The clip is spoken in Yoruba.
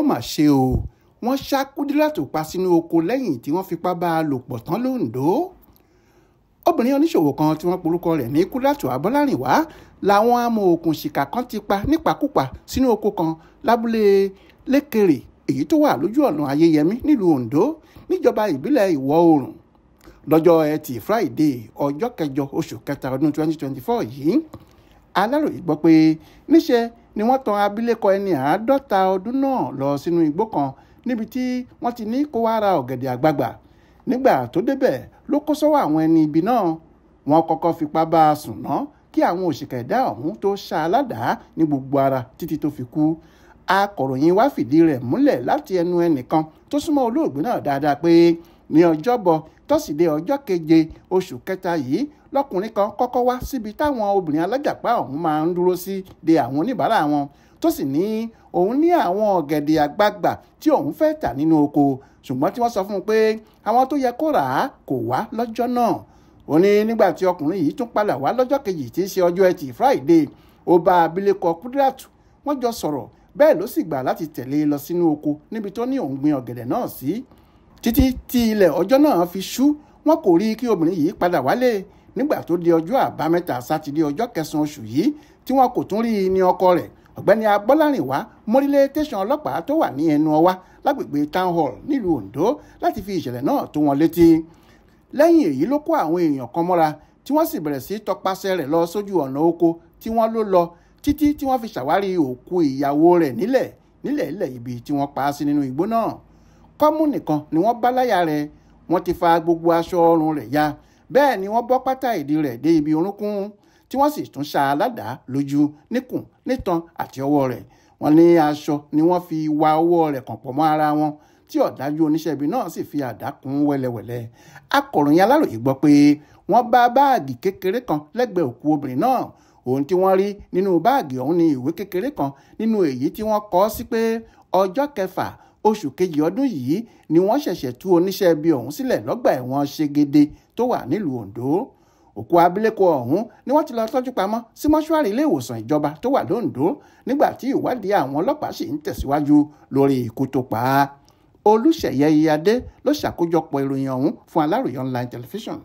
ó mà ṣe o wọ́n ṣá Kúdírátù pa sínú oko lẹ́yìn tí wọ́n fipá bá a lò pọ̀ tán lóńdó obìnrin oníṣòwò kan tí wọ́n porúkọ rẹ̀ ní Kúdírátù Abọ́lárìnwá làwọn amòòkùn ṣìkà kan ti pa nípakúpa sínú oko kan lábúlé lékèrè èyí tó wà lójú ọ̀nà ayéyẹmí nílùú Ondo níjọba ìbílẹ̀ ìwọ̀ oòrùn lọ́jọ́ ẹtì Friday ọjọ́ kẹjọ oṣù kẹta ọdún 2024 yìí Aláròyé gbọ́ pé níṣẹ́ ni wọ́n tan abilékọ ẹni àádọ́ta ọdún náà lọ sínú igbó kan níbi tí wọ́n ti ní kó wá ra ọ̀gẹ̀dẹ̀ àgbagbà nígbà tó débẹ̀ ló kó sọ́wọ́ àwọn ẹni ibi náà wọ́n kọ́kọ́ fipá bá a sùn ná kí àwọn òṣìkà ẹ̀dá ọ̀hún tó ṣá a ládàá ní gbogbo ara títí tó fi kú akọ̀ròyìn wá fìdí rẹ̀ múlẹ̀ láti ẹnu ẹnìkan tó súnmọ́ olóògbé náà dáadáa pé ní ọjọ́bọ̀ tọ́sídẹ̀ẹ́ ọjọ́ keje oṣù kẹta yìí lọkùnrin kan kọ́kọ́ wá síbi táwọn obìnrin alájàpá ọ̀hún máa ń dúró sí de àwọn oníbàárà wọn tó sì ní òun ní àwọn ọ̀gẹ̀dẹ̀ àgbagbà tí òun fẹ́ tà nínú oko ṣùgbọ́n tí wọ́n sọ fún un pé àwọn tó yẹ kó rà á kò wá lọ́jọ́ náà ó ní nígbà tí ọkùnrin yìí tún padà wá lọ́jọ́ kejì tí í ṣe ọjọ́ ẹtì Friday ó bá abilékọ Kudirat wọ́n jọ sọ̀rọ̀ bẹ́ẹ̀ ló sì gbà láti tẹ̀lé e lọ sínú oko níbi tó ní òun gbin ọ̀gẹ̀dẹ̀ náà sí títí tí ilẹ̀ ọjọ́ náà fi ṣú wọn kò rí kí obìnrin yìí padà wálé nígbà tó di ọjọ́ àbámẹ́ta sátidé ọjọ́ kẹsàn-án oṣù yìí tí wọn kò tún rí i ní ọkọ rẹ̀ ọ̀gbẹ́ni agbọ́lárìnwá mórílẹ̀ tẹ̀sán ọlọ́pàá tó wà ní ẹnu ọwá lágbègbè town hall nílùú ondo láti fi ìṣẹ̀lẹ̀ náà tó wọn létí lẹ́yìn èyí ló kó àwọn èèyàn kan mọ́ra tí wọ́n sì bẹ̀rẹ̀ sí tọpasẹ̀ rẹ̀ lọ sójú ọ̀nà oko tí wọ́n ló lọ títí tí wọ́n fi ṣàwárí òkú ìyàwó rẹ̀ nílẹ̀ nílẹ̀ ilẹ̀ ibi tí wọ́n pa á sí nínú igbó náà kọ́mú nìkan ni wọ́n bá láyà rẹ̀ wọ́n ti fa gbogbo aṣọ ọrùn rẹ̀ ya bẹ́ẹ̀ ni wọ́n bọ́ pátá ìdí rẹ̀ dé ibi orúnkún tí wọ́n sì tún ṣá aládàá lójú níkùn nítan àti ọwọ́ rẹ̀ wọ́n ní aṣọ ni wọ́n fi wa ọwọ́ rẹ̀ kàn pọ̀ mọ́ ara wọn tí ọ̀dájú oníṣẹ́ ibi náà sì fi àdá kún wẹ́lẹ́wẹ́lẹ́ akọ̀ròyìn aláròyé gbọ́ pé wọ́n bá báàgì kékeré kan lẹ́gbẹ̀ẹ́ òkú obìnrin náà ohun tí wọ́n rí nínú báàgì ọ̀hún ni ìwé kékeré kan nínú èyí tí wọ́n kọ sí pé ọjọ́ kẹfà oṣù kejì ọdún yìí ni wọ́n ṣẹ̀ṣẹ̀ tú oníṣẹ́ ibi ọ̀hún sílẹ̀ lọ́gbà ẹ̀wọ̀n Ṣegede tó wà nílùú Ondo òkú abilékọ ọ̀hún ni wọ́n ti lọ tọ́jú pamọ́ sí mọ́ṣúárì ilé ìwòsàn ìjọba tó wà lóńdó nígbà tí ìwádìí àwọn ọlọ́pàá sì ń tẹ̀síwájú lórí ikú tó pa á olùṣeyẹ iyadé ló ṣàkójọpọ̀ ìròyìn ọ̀hún fún Aláròyé online television.